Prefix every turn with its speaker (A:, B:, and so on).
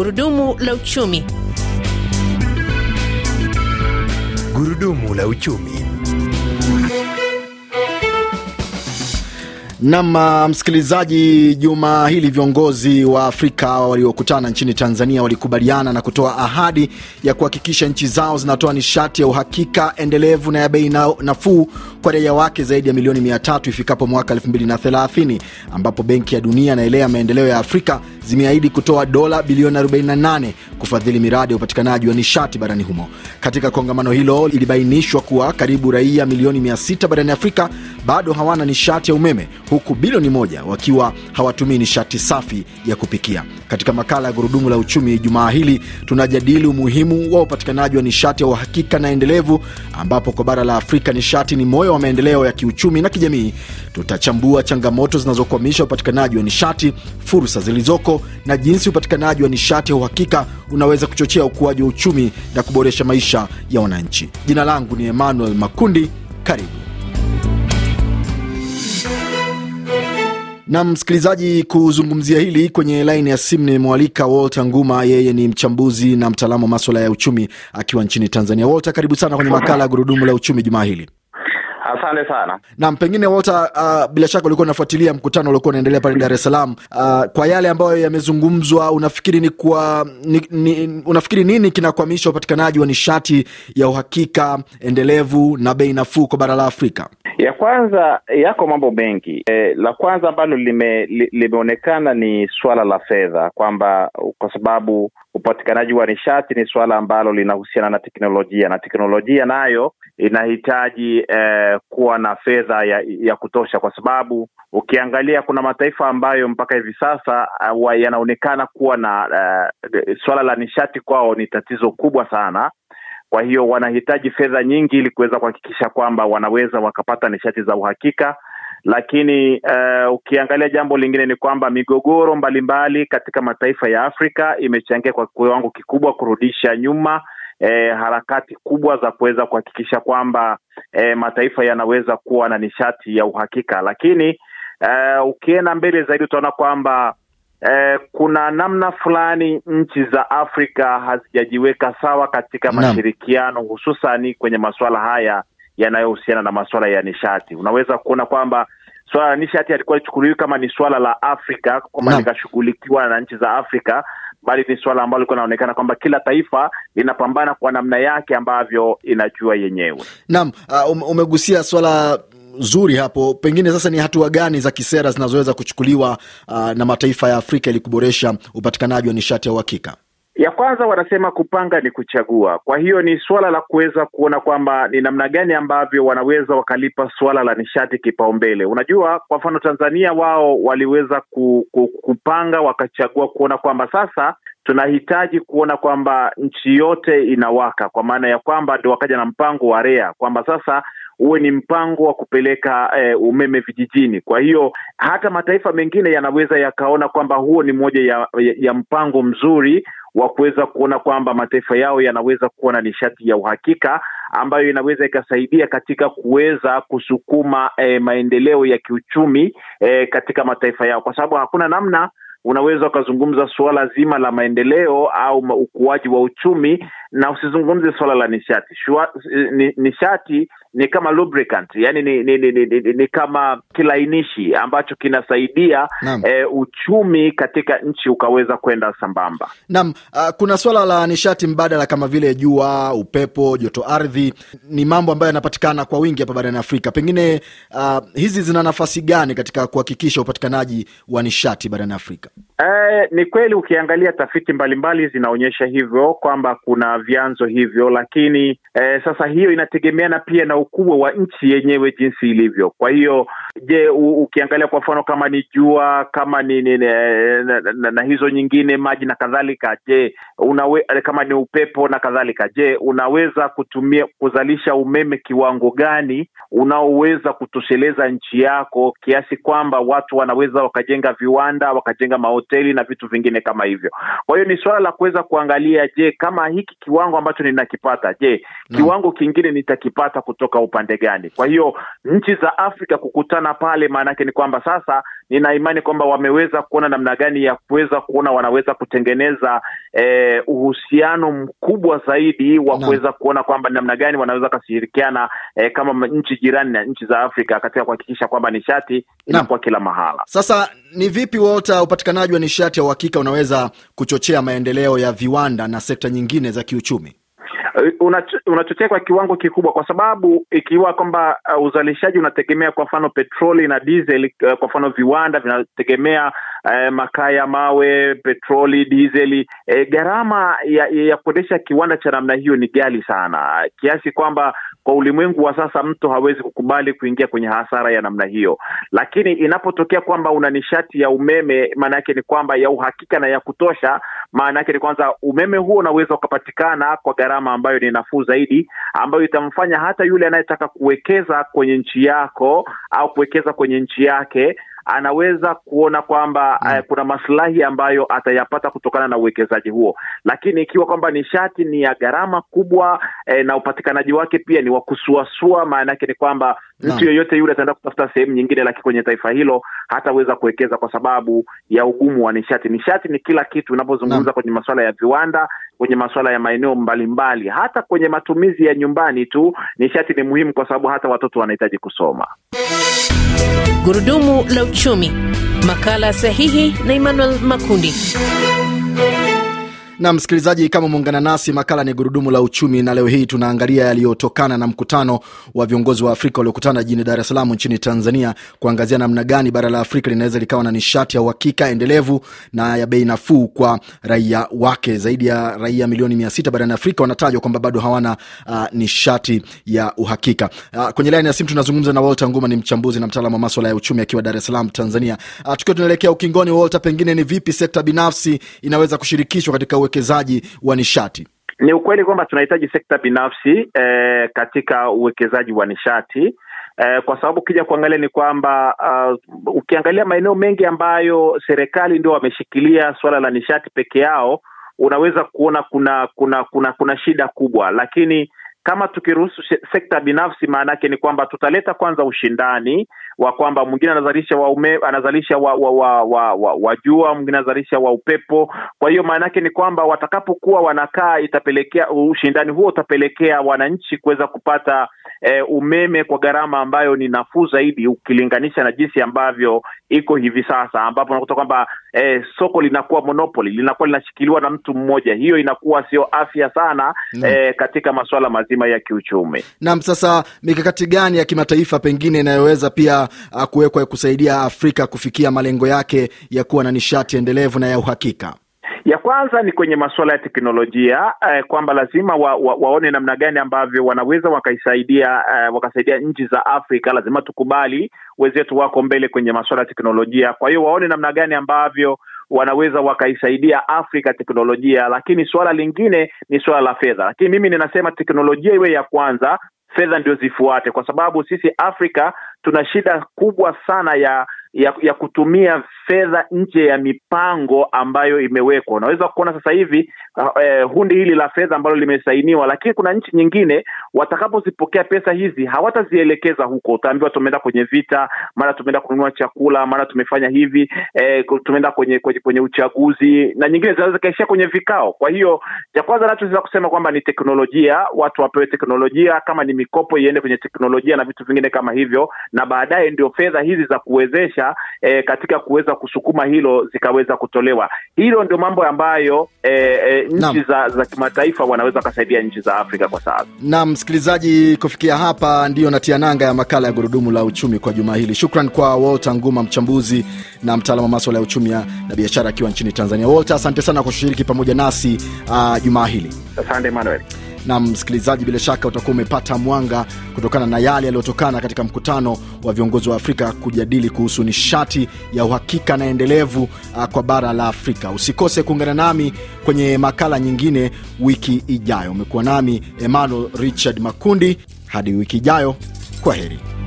A: Gurudumu la uchumi. Gurudumu la uchumi. Nam uh, msikilizaji, juma hili viongozi wa Afrika waliokutana nchini Tanzania walikubaliana na kutoa ahadi ya kuhakikisha nchi zao zinatoa nishati ya uhakika, endelevu na ya bei nafuu kwa raia wake zaidi ya milioni 3 ifikapo mwaka 230 ambapo Benki ya Dunia na maendeleo ya Afrika zimeahidi kutoa dola bilioni 48 kufadhili miradi ya upatikanaji wa nishati barani humo. Katika kongamano hilo, ilibainishwa kuwa karibu raia milioni 600 barani Afrika bado hawana nishati ya umeme, huku bilioni moja wakiwa hawatumii nishati safi ya kupikia. Katika makala ya Gurudumu la Uchumi Jumaa hili tunajadili umuhimu wa upatikanaji wa nishati ya uhakika na endelevu, ambapo kwa bara la Afrika nishati ni moyo wa maendeleo ya kiuchumi na kijamii. Tutachambua changamoto zinazokwamisha upatikanaji wa nishati, fursa zilizoko na jinsi upatikanaji wa nishati ya uhakika unaweza kuchochea ukuaji wa uchumi na kuboresha maisha ya wananchi. Jina langu ni Emmanuel Makundi. Karibu. Na msikilizaji, kuzungumzia hili kwenye laini ya simu nimemwalika Walter Nguma. Yeye ni mchambuzi na mtaalamu wa maswala ya uchumi akiwa nchini Tanzania. Walter, karibu sana kwenye makala ya Gurudumu la Uchumi jumaa hili. Asante sana. Naam, pengine Walter, uh, bila shaka ulikuwa unafuatilia mkutano uliokuwa unaendelea pale Dar es Salaam. Uh, kwa yale ambayo yamezungumzwa, unafikiri ni kwa ni, ni, unafikiri nini kinakwamisha upatikanaji wa nishati ya uhakika endelevu na bei nafuu kwa bara la Afrika?
B: Ya kwanza yako mambo mengi e, la kwanza ambalo lime, limeonekana ni suala la fedha, kwamba kwa sababu upatikanaji wa nishati ni suala ambalo linahusiana na teknolojia na teknolojia nayo inahitaji eh, kuwa na fedha ya, ya kutosha, kwa sababu ukiangalia kuna mataifa ambayo mpaka hivi sasa uh, yanaonekana kuwa na uh, swala la nishati kwao ni tatizo kubwa sana. Kwa hiyo wanahitaji fedha nyingi ili kuweza kuhakikisha kwamba wanaweza wakapata nishati za uhakika lakini uh, ukiangalia jambo lingine ni kwamba migogoro mbalimbali mbali katika mataifa ya Afrika imechangia kwa kiwango kikubwa kurudisha nyuma eh, harakati kubwa za kuweza kuhakikisha kwamba eh, mataifa yanaweza kuwa na nishati ya uhakika, lakini eh, ukienda mbele zaidi utaona kwamba Eh, kuna namna fulani nchi za Afrika hazijajiweka sawa katika mashirikiano hususani kwenye masuala haya yanayohusiana na masuala ya nishati. Unaweza kuona kwamba swala la nishati alikuwa lichukuliwi kama ni swala la Afrika kwamba likashughulikiwa na nchi za Afrika, bali ni suala ambalo likuwa inaonekana kwamba kila taifa linapambana kwa namna yake ambavyo inajua yenyewe.
A: nam uh, ah, umegusia swala zuri hapo. Pengine sasa ni hatua gani za kisera zinazoweza kuchukuliwa uh, na mataifa ya Afrika ili kuboresha upatikanaji wa nishati ya uhakika?
B: Ya kwanza wanasema kupanga ni kuchagua. Kwa hiyo ni suala la kuweza kuona kwamba ni namna gani ambavyo wanaweza wakalipa suala la nishati kipaumbele. Unajua, kwa mfano Tanzania wao waliweza ku, ku, kupanga wakachagua kuona kwamba sasa tunahitaji kuona kwamba nchi yote inawaka, kwa maana ya kwamba ndo wakaja na mpango wa REA kwamba sasa huwe ni mpango wa kupeleka eh, umeme vijijini. Kwa hiyo hata mataifa mengine yanaweza yakaona kwamba huo ni moja ya, ya, ya mpango mzuri wa kuweza kuona kwamba mataifa yao yanaweza kuwa na nishati ya uhakika ambayo inaweza ikasaidia katika kuweza kusukuma e, maendeleo ya kiuchumi e, katika mataifa yao, kwa sababu hakuna namna unaweza ukazungumza suala zima la maendeleo au ukuaji wa uchumi na usizungumze swala la nishati Shua, eh, ni, nishati ni kama lubricant, yani ni, ni, ni, ni, ni kama kilainishi ambacho kinasaidia e, uchumi katika nchi ukaweza kwenda sambamba.
A: Naam, uh, kuna swala la nishati mbadala kama vile jua, upepo, joto ardhi ni mambo ambayo yanapatikana kwa wingi hapa barani Afrika. Pengine uh, hizi zina nafasi gani katika kuhakikisha upatikanaji wa nishati barani Afrika?
B: uh, ni kweli ukiangalia tafiti mbalimbali zinaonyesha hivyo kwamba kuna vyanzo hivyo, lakini eh, sasa hiyo inategemeana pia na ukubwa wa nchi yenyewe jinsi ilivyo. Kwa hiyo je, u, ukiangalia kwa mfano kama ni jua kama ni, ni na, na, na, na hizo nyingine maji na kadhalika, je unawe, kama ni upepo na kadhalika, je unaweza kutumia kuzalisha umeme kiwango gani unaoweza kutosheleza nchi yako kiasi kwamba watu wanaweza wakajenga viwanda wakajenga mahoteli na vitu vingine kama hivyo. Kwa hiyo ni suala la kuweza kuangalia, je, kama hiki kiwango ambacho ninakipata, je, no. kiwango kingine nitakipata kutoka upande gani? Kwa hiyo nchi za Afrika kukutana pale, maana yake ni kwamba sasa ninaimani kwamba wameweza kuona namna gani ya kuweza kuona wanaweza kutengeneza eh, uhusiano mkubwa zaidi wa kuweza kuona kwamba namna gani wanaweza wakashirikiana eh, kama nchi jirani na nchi za Afrika katika kuhakikisha kwamba nishati inakuwa no. kila mahala. Sasa
A: ni vipi wota upatikanaji wa nishati ya uhakika unaweza kuchochea maendeleo ya viwanda na sekta nyingine za kiu kiuchumi?
B: Eh, unachochea kwa kiwango kikubwa, kwa sababu ikiwa kwamba uh, uzalishaji unategemea kwa mfano petroli na dizeli. Uh, kwa mfano viwanda vinategemea uh, makaa ya mawe, petroli, dizeli. Uh, eh, gharama ya, ya kuendesha kiwanda cha namna hiyo ni gali sana, kiasi kwamba kwa ulimwengu wa sasa, mtu hawezi kukubali kuingia kwenye hasara ya namna hiyo, lakini inapotokea kwamba una nishati ya umeme, maana yake ni kwamba ya uhakika na ya kutosha, maana yake ni kwanza, umeme huo unaweza ukapatikana kwa gharama ambayo ni nafuu zaidi, ambayo itamfanya hata yule anayetaka kuwekeza kwenye nchi yako au kuwekeza kwenye nchi yake anaweza kuona kwamba mm. eh, kuna masilahi ambayo atayapata kutokana na uwekezaji huo, lakini ikiwa kwamba nishati ni ya gharama kubwa eh, na upatikanaji wake pia ni wa kusuasua, maana yake ni kwamba hmm. mtu yeyote yule ataenda kutafuta sehemu nyingine, lakini kwenye taifa hilo hataweza kuwekeza kwa sababu ya ugumu wa nishati. Nishati ni kila kitu unapozungumza kwenye masuala ya viwanda kwenye masuala ya maeneo mbalimbali, hata kwenye matumizi ya nyumbani tu. Nishati ni muhimu, kwa sababu hata watoto wanahitaji kusoma.
A: Gurudumu la Uchumi, makala sahihi na Emmanuel Makundi. Na msikilizaji, kama umeungana nasi, makala ni gurudumu la uchumi, na leo hii tunaangalia yaliyotokana na mkutano wa viongozi wa Afrika waliokutana jijini Dar es Salaam nchini Tanzania, kuangazia namna gani bara la Afrika linaweza likawa na nishati ya uhakika endelevu na ya bei nafuu kwa raia wake. Zaidi ya raia milioni mia sita barani Afrika wanatajwa kwamba bado hawana uh, nishati ya uhakika. Uh, kwenye laini ya simu tunazungumza na Walter Nguma, ni mchambuzi na mtaalamu wa maswala ya uchumi akiwa Dar es Salaam, Tanzania. Uh, tukiwa tunaelekea ukingoni, Walter, pengine ni vipi sekta binafsi inaweza kushirikishwa katika uwekezaji wa nishati?
B: Ni ukweli kwamba tunahitaji sekta binafsi e, katika uwekezaji wa nishati e, kwa sababu ukija kuangalia ni kwamba uh, ukiangalia maeneo mengi ambayo serikali ndio wameshikilia suala la nishati peke yao, unaweza kuona kuna kuna kuna kuna shida kubwa, lakini kama tukiruhusu sekta binafsi, maana yake ni kwamba tutaleta kwanza ushindani wa kwamba mwingine anazalisha wa ume, anazalisha wa wa wa, wa, wa, wa jua, mwingine anazalisha wa upepo. Kwa hiyo maana yake ni kwamba watakapokuwa wanakaa, itapelekea ushindani huo utapelekea wananchi kuweza kupata eh, umeme kwa gharama ambayo ni nafuu zaidi ukilinganisha na jinsi ambavyo iko hivi sasa, ambapo unakuta kwamba eh, soko linakuwa monopoli, linakuwa linashikiliwa na mtu mmoja. Hiyo inakuwa sio afya sana eh, katika masuala mazima ya kiuchumi.
A: nam sasa mikakati gani ya kimataifa pengine inayoweza pia ah, kuwekwa kusaidia Afrika kufikia malengo yake ya kuwa na nishati endelevu na ya uhakika?
B: Ya kwanza ni kwenye masuala ya teknolojia eh, kwamba lazima wa, wa, waone namna gani ambavyo wanaweza wakaisaidia eh, wakasaidia nchi za Afrika. Lazima tukubali wenzetu wako mbele kwenye masuala ya teknolojia, kwa hiyo waone namna gani ambavyo wanaweza wakaisaidia Afrika teknolojia, lakini suala lingine ni suala la fedha. Lakini mimi ninasema teknolojia iwe ya kwanza, fedha ndio zifuate, kwa sababu sisi Afrika tuna shida kubwa sana ya ya, ya kutumia fedha nje ya mipango ambayo imewekwa. Unaweza kuona sasa hivi uh, eh, hundi hili la fedha ambalo limesainiwa, lakini kuna nchi nyingine watakapozipokea pesa hizi hawatazielekeza huko. Utaambiwa tumeenda kwenye vita, mara tumeenda kununua chakula, mara tumefanya hivi eh, tumeenda kwenye, kwenye kwenye uchaguzi na nyingine zinaweza zikaishia kwenye vikao. Kwa hiyo cha kwanza nachoweza kusema kwamba ni teknolojia, watu wapewe teknolojia, kama ni mikopo iende kwenye teknolojia na vitu vingine kama hivyo, na baadaye ndio fedha hizi za kuwezesha kutosha e, eh, katika kuweza kusukuma hilo zikaweza kutolewa. Hilo ndio mambo ambayo e, e, nchi za, za kimataifa wanaweza wakasaidia nchi za Afrika kwa sasa.
A: na msikilizaji, kufikia hapa ndiyo natia nanga ya makala ya Gurudumu la Uchumi kwa juma hili. Shukran kwa Walter Nguma, mchambuzi na mtaalamu wa maswala ya uchumi na biashara akiwa nchini Tanzania. Walter, asante sana kwa kushiriki pamoja nasi uh, ah, jumaa hili. Asante Manuel na msikilizaji, bila shaka utakuwa umepata mwanga kutokana na yale yaliyotokana katika mkutano wa viongozi wa Afrika kujadili kuhusu nishati ya uhakika na endelevu ah, kwa bara la Afrika. Usikose kuungana nami kwenye makala nyingine wiki ijayo. Umekuwa nami Emmanuel Richard Makundi, hadi wiki ijayo, kwa heri.